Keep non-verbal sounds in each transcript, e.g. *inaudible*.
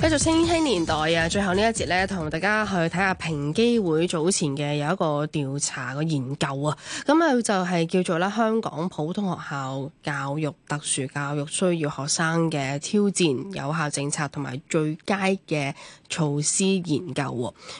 繼續《青青年代》啊！最後呢一節咧，同大家去睇下平機會早前嘅有一個調查個研究啊！咁啊就係叫做咧香港普通學校教育特殊教育需要學生嘅挑戰、有效政策同埋最佳嘅措施研究。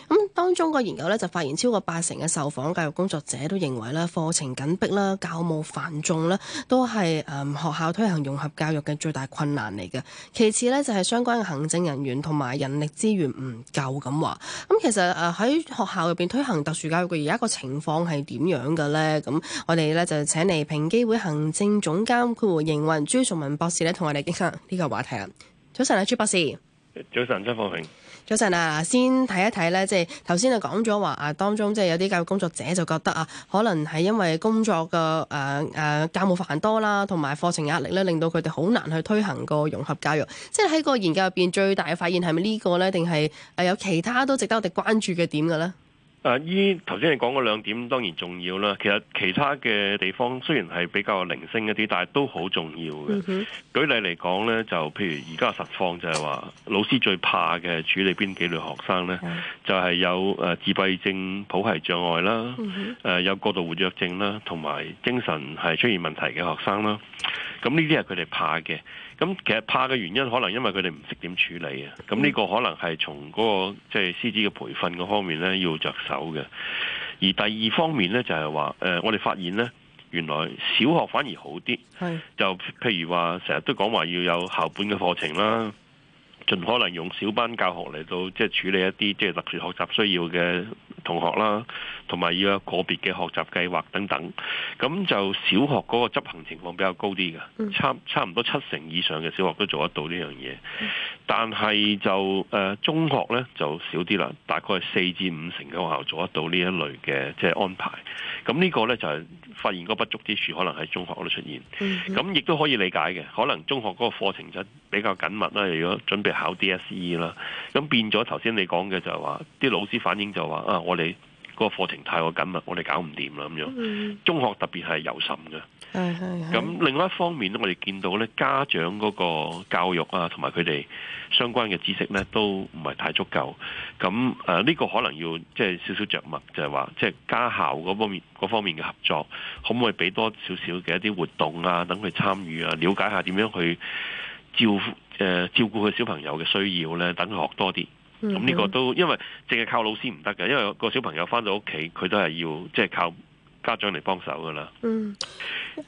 咁當中個研究咧就發現超過八成嘅受訪教育工作者都認為咧課程緊迫啦、教務繁重啦，都係誒、嗯、學校推行融合教育嘅最大困難嚟嘅。其次咧就係、是、相關嘅行政人員。同埋人力資源唔夠咁話，咁其實誒喺、呃、學校入邊推行特殊教育嘅而家個情況係點樣嘅咧？咁我哋咧就請嚟平機會行政總監、顧護營運朱崇文博士咧，同我哋傾下呢個話題啦。早晨啊，朱博士。早晨，朱崇文。早晨啊，先睇一睇咧，即係頭先就講咗話啊，當中即係有啲教育工作者就覺得啊，可能係因為工作嘅誒誒，教務繁多啦，同埋課程壓力咧，令到佢哋好難去推行個融合教育。即係喺個研究入邊最大嘅發現係咪呢個咧，定係誒有其他都值得我哋關注嘅點嘅咧？誒，依頭先你講嗰兩點當然重要啦。其實其他嘅地方雖然係比較零星一啲，但係都好重要嘅。Mm hmm. 舉例嚟講呢，就譬如而家實況就係話，老師最怕嘅處理邊幾類學生呢？Mm hmm. 就係有誒、呃、自閉症、譜系障礙啦，誒、mm hmm. 呃、有過度活躍症啦，同埋精神係出現問題嘅學生啦。咁呢啲係佢哋怕嘅，咁其實怕嘅原因可能因為佢哋唔識點處理啊。咁呢個可能係從嗰個即係師資嘅培訓嗰方面咧要着手嘅。而第二方面咧就係話，誒我哋發現咧，原來小學反而好啲，是就譬如話成日都講話要有校本嘅課程啦，盡可能用小班教學嚟到即係處理一啲即係特殊學習需要嘅。同學啦，同埋要有個別嘅學習計劃等等，咁就小學嗰個執行情況比較高啲嘅，差差唔多七成以上嘅小學都做得到呢樣嘢。但係就誒、呃、中學呢，就少啲啦，大概係四至五成嘅學校做得到呢一類嘅即係安排。咁呢個呢，就係、是、發現個不足之處，可能喺中學嗰度出現。咁亦都可以理解嘅，可能中學嗰個課程就比較緊密啦，如果準備考 DSE 啦，咁變咗頭先你講嘅就係話啲老師反映就話啊。我哋嗰個課程太過緊密，我哋搞唔掂啦咁樣。中學特別係有心嘅，咁 *noise* 另外一方面咧，我哋見到呢，家長嗰個教育啊，同埋佢哋相關嘅知識呢，都唔係太足夠。咁誒，呢、呃這個可能要即係少少着墨，就係話即係家校嗰方面方面嘅合作，可唔可以俾多少少嘅一啲活動啊，等佢參與啊，了解下點樣去照誒、呃、照顧佢小朋友嘅需要呢？等佢學多啲。咁呢個都因為淨係靠老師唔得嘅，因為個小朋友翻到屋企，佢都係要即係靠。 *music* *music* 家長嚟幫手㗎啦。嗯，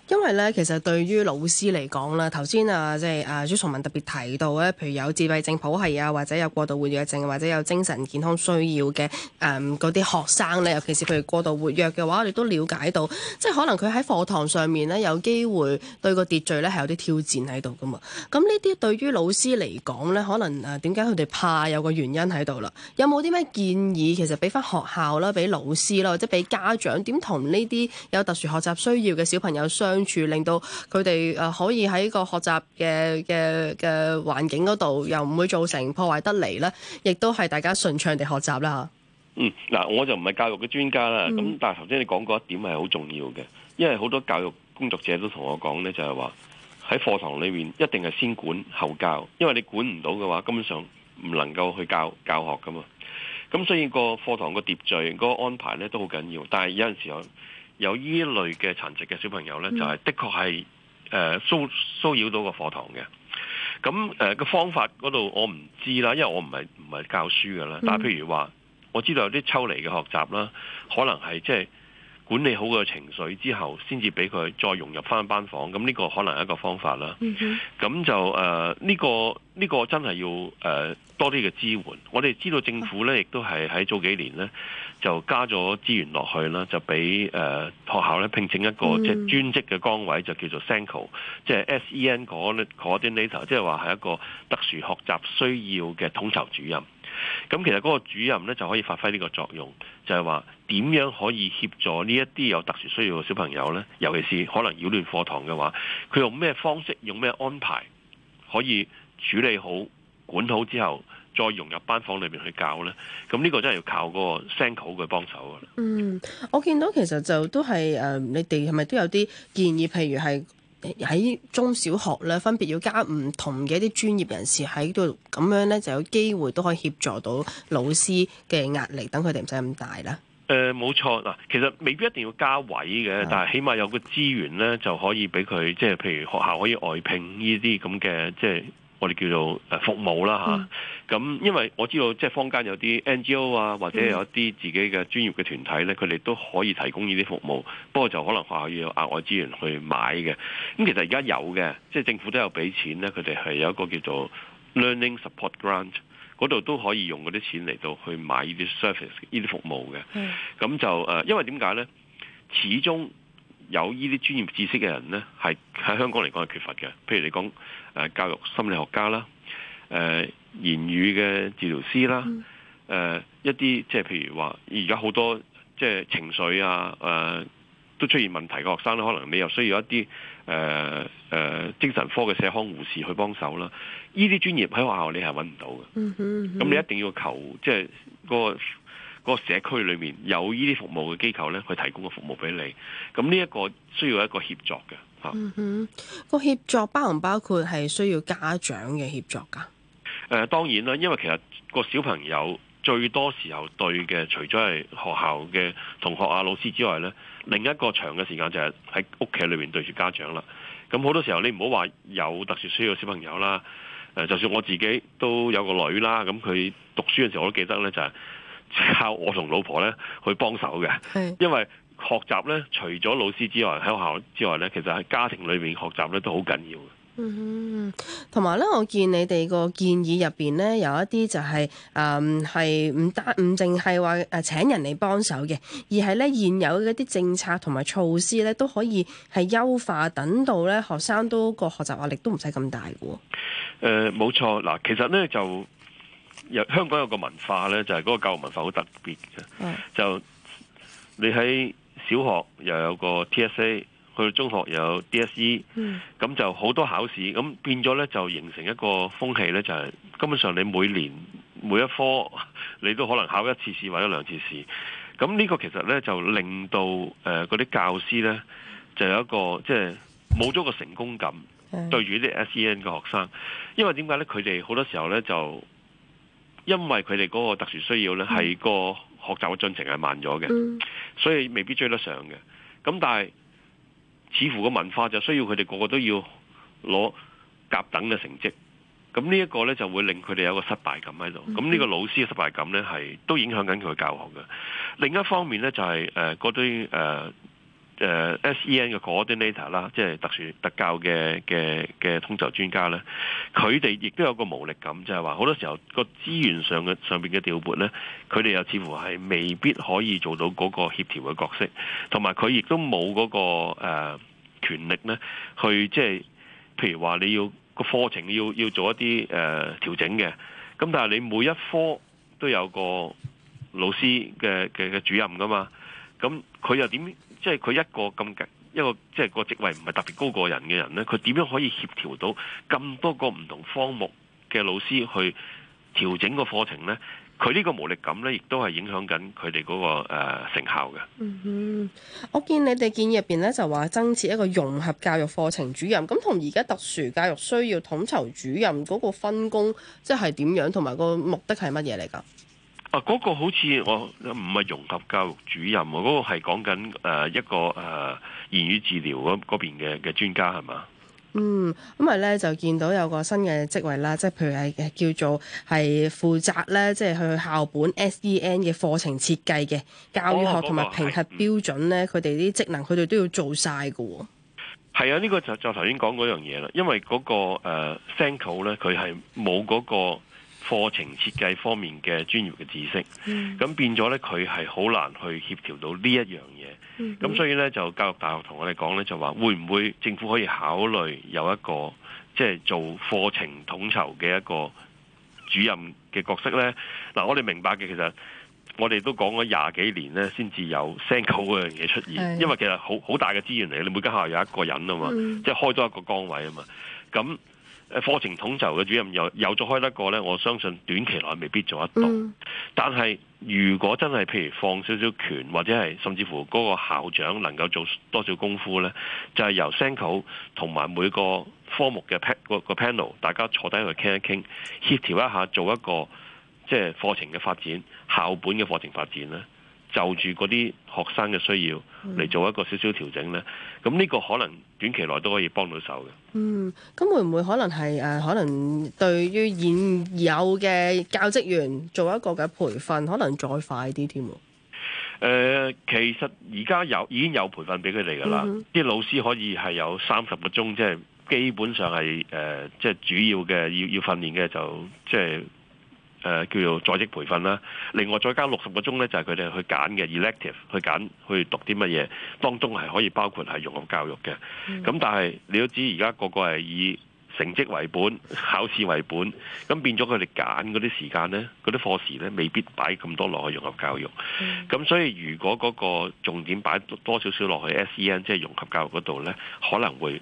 因為咧，其實對於老師嚟講咧，頭先啊，即係啊朱崇文特別提到咧，譬如有自閉症、譜系啊，或者有過度活躍症，或者有精神健康需要嘅誒嗰啲學生咧，尤其是佢哋過度活躍嘅話，我哋都了解到，即係可能佢喺課堂上面咧，有機會對個秩序咧係有啲挑戰喺度噶嘛。咁呢啲對於老師嚟講咧，可能誒點解佢哋怕有個原因喺度啦。有冇啲咩建議？其實俾翻學校啦，俾老師啦，或者俾家長點同呢？呢啲有特殊學習需要嘅小朋友相處令到佢哋誒可以喺個學習嘅嘅嘅環境嗰度，又唔會造成破壞得嚟咧，亦都係大家順暢地學習啦。嗯，嗱，我就唔係教育嘅專家啦。咁、嗯、但係頭先你講嗰一點係好重要嘅，因為好多教育工作者都同我講咧，就係話喺課堂裏面一定係先管後教，因為你管唔到嘅話根本上唔能夠去教教學噶嘛。咁所以個課堂個秩序、嗰個安排咧都好緊要。但係有陣時候。有依類嘅殘疾嘅小朋友呢，就係、是、的確係誒、呃、騷騷擾到個課堂嘅。咁誒個方法嗰度我唔知啦，因為我唔係唔係教書嘅啦。但係譬如話，我知道有啲抽離嘅學習啦，可能係即係，就是管理好嘅情緒之後，先至俾佢再融入翻班房。咁呢個可能係一個方法啦。咁、mm hmm. 就誒呢、呃呢個呢、呢個真係要誒、呃、多啲嘅支援。我哋知道政府呢，亦都係喺早幾年呢，就加咗資源落去啦，就俾誒、呃、學校呢聘請一個、mm hmm. 即係專職嘅崗位，就叫做 SENCO，即係 sen 即係話係一個特殊學習需要嘅統籌主任。咁其實嗰個主任咧就可以發揮呢個作用，就係話點樣可以協助呢一啲有特殊需要嘅小朋友咧，尤其是可能擾亂課堂嘅話，佢用咩方式，用咩安排可以處理好、管好之後，再融入班房裏面去教咧？咁呢個真係要靠嗰個 SENCO 嘅幫手㗎啦。嗯，我見到其實就都係誒，你哋係咪都有啲建議？譬如係。喺中小學咧，分別要加唔同嘅一啲專業人士喺度，咁樣咧就有機會都可以協助到老師嘅壓力，等佢哋唔使咁大啦。誒、呃，冇錯嗱，其實未必一定要加位嘅，的但係起碼有個資源咧，就可以俾佢，即係譬如學校可以外聘呢啲咁嘅，即係我哋叫做誒服務啦嚇。嗯。咁，因為我知道即係坊間有啲 NGO 啊，或者有一啲自己嘅專業嘅團體呢，佢哋都可以提供呢啲服務，不過就可能學校要有額外資源去買嘅。咁其實而家有嘅，即係政府都有俾錢呢，佢哋係有一個叫做 Learning Support Grant，嗰度都可以用嗰啲錢嚟到去買呢啲 service、呢啲服務嘅。咁是就誒，因為點解呢？始終有呢啲專業知識嘅人呢，係喺香港嚟講係缺乏嘅。譬如你講誒、呃、教育心理學家啦，誒、呃。言語嘅治療師啦，誒、嗯呃，一啲即係譬如話而家好多即係、就是、情緒啊，誒、呃，都出現問題嘅學生咧，可能你又需要一啲誒誒精神科嘅社康護士去幫手啦。呢啲專業喺學校你係揾唔到嘅，咁、嗯嗯、你一定要求即係、就是嗰個、嗰個社區裏面有呢啲服務嘅機構咧，去提供個服務俾你。咁呢一個需要一個協助嘅吓。啊嗯，個協助包唔包括係需要家長嘅協助噶？誒、呃、當然啦，因為其實個小朋友最多時候對嘅，除咗係學校嘅同學啊、老師之外呢，另一個長嘅時間就係喺屋企裏面對住家長啦。咁好多時候你唔好話有特殊需要小朋友啦、呃，就算我自己都有個女啦，咁佢讀書嘅時候我都記得呢，就係靠我同老婆呢去幫手嘅，因為學習呢，除咗老師之外喺學校之外呢，其實喺家庭裏面學習呢都好緊要。嗯，同埋咧，我見你哋個建議入邊咧，有一啲就係、是、誒，係唔單唔淨係話誒，請人嚟幫手嘅，而係咧現有嘅一啲政策同埋措施咧，都可以係優化，等到咧學生都個學習壓力都唔使咁大嘅。誒、呃，冇錯，嗱，其實咧就有，有香港有個文化咧，就係、是、嗰個教育文化好特別嘅，嗯、就你喺小學又有個 TSA。去到中學有 DSE，咁、嗯、就好多考試，咁變咗呢，就形成一個風氣呢就係、是、根本上你每年每一科你都可能考一次試或者兩次試，咁呢個其實呢，就令到誒嗰啲教師呢，就有一個即係冇咗個成功感，對住啲 SEN 嘅學生，嗯、因為點解呢？佢哋好多時候呢，就因為佢哋嗰個特殊需要呢，係、嗯、個學習嘅進程係慢咗嘅，嗯、所以未必追得上嘅。咁但係，似乎個文化就需要佢哋個個都要攞甲等嘅成績，咁呢一個呢，就會令佢哋有個失敗感喺度，咁呢個老師嘅失敗感呢，係都影響緊佢嘅教學嘅。另一方面呢，就係誒嗰啲誒誒 SEN 嘅 Coordinator 啦，即係特殊特教嘅嘅嘅統籌專家咧，佢哋亦都有個無力感，就係話好多時候個資源上嘅上邊嘅調撥咧，佢哋又似乎係未必可以做到嗰個協調嘅角色，同埋佢亦都冇嗰個誒、呃、權力咧，去即係譬如話你要個課程要要做一啲誒、呃、調整嘅，咁但係你每一科都有個老師嘅嘅嘅主任㗎嘛，咁佢又點？即係佢一個咁嘅一個，即係個職位唔係特別高過人嘅人咧，佢點樣可以協調到咁多個唔同科目嘅老師去調整個課程咧？佢呢個無力感咧，亦都係影響緊佢哋嗰個誒成效嘅。嗯哼，我見你哋建議入邊咧就話增設一個融合教育課程主任，咁同而家特殊教育需要統籌主任嗰個分工即係點樣，同埋個目的係乜嘢嚟㗎？啊！嗰個好似我唔係融合教育主任喎，嗰、嗰個係講緊誒一個誒、呃、言語治療嗰嗰邊嘅嘅專家係嘛？嗯，咁啊咧就見到有個新嘅職位啦，即係譬如係叫做係負責咧，即、就、係、係、去校本 SEN 嘅課程設計嘅教育學同埋評核標準咧，佢哋啲職能佢哋都要做晒噶。係啊，呢、呢個就就頭先講嗰樣嘢啦，因為嗰個誒 SENCO 咧，佢係冇嗰個。呃課程設計方面嘅專業嘅知識，咁、嗯、變咗呢，佢係好難去協調到呢一樣嘢。咁、嗯、哼所以呢，就教育大學同我哋講呢，就話會唔會政府可以考慮有一個即係、就是、做課程統籌嘅一個主任嘅角色呢？嗱、啊，我哋明白嘅，其實我哋都講咗廿幾年呢，先至有 central 嗰樣嘢出現。是因為其實好好大嘅資源嚟，你每間學校有一個人啊嘛，嗯、即係開多一個崗位啊嘛，咁。誒，課程統籌嘅主任又有咗開得過呢，我相信短期內未必做得到。但係如果真係譬如放少少權，或者係甚至乎嗰個校長能夠做多少功夫呢，就係、是、由 SENCO 同埋每個科目嘅個 panel，大家坐低去傾一傾，協調一下做一個即係課程嘅發展、校本嘅課程發展呢。就住嗰啲學生嘅需要嚟、嗯、做一個少少調整咧，咁呢個可能短期內都可以幫到手嘅。嗯，咁會唔會可能係誒、呃、可能對於現有嘅教職員做一個嘅培訓可能再快啲添喎誒，其實而家有已經有培訓俾佢哋噶啦，啲、嗯、哼老師可以係有三十個鐘，即係基本上係誒、呃、即係主要嘅要要訓練嘅就即係。誒叫做在職培訓啦，另外再加六十個鐘呢，就係佢哋去揀嘅 elective，去揀去讀啲乜嘢，當中係可以包括係融合教育嘅。咁、嗯、但係你都知而家個個係以成績為本、考試為本，咁變咗佢哋揀嗰啲時間呢，嗰啲課時呢，未必擺咁多落去融合教育。咁、嗯、所以如果嗰個重點擺多少少落去 SEN，即係融合教育嗰度呢，可能會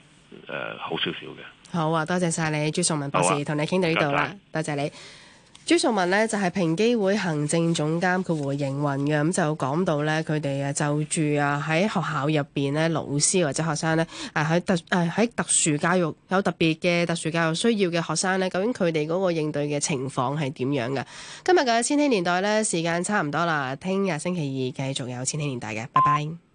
好少少嘅。好啊，多謝晒你朱崇文博士同、啊、你傾到呢度啦，多謝，謝，謝，謝你。謝謝你。朱崇文咧就係、是、平機會行政總監，佢會營運嘅，咁就講到咧，佢哋誒就住啊喺學校入邊咧，老師或者學生咧，誒、啊、喺特誒喺、啊、特殊教育有特別嘅特殊教育需要嘅學生咧，究竟佢哋嗰個應對嘅情況係點樣嘅？今日嘅千禧年代咧時間差唔多啦，聽日星期二繼續有千禧年代嘅，拜拜。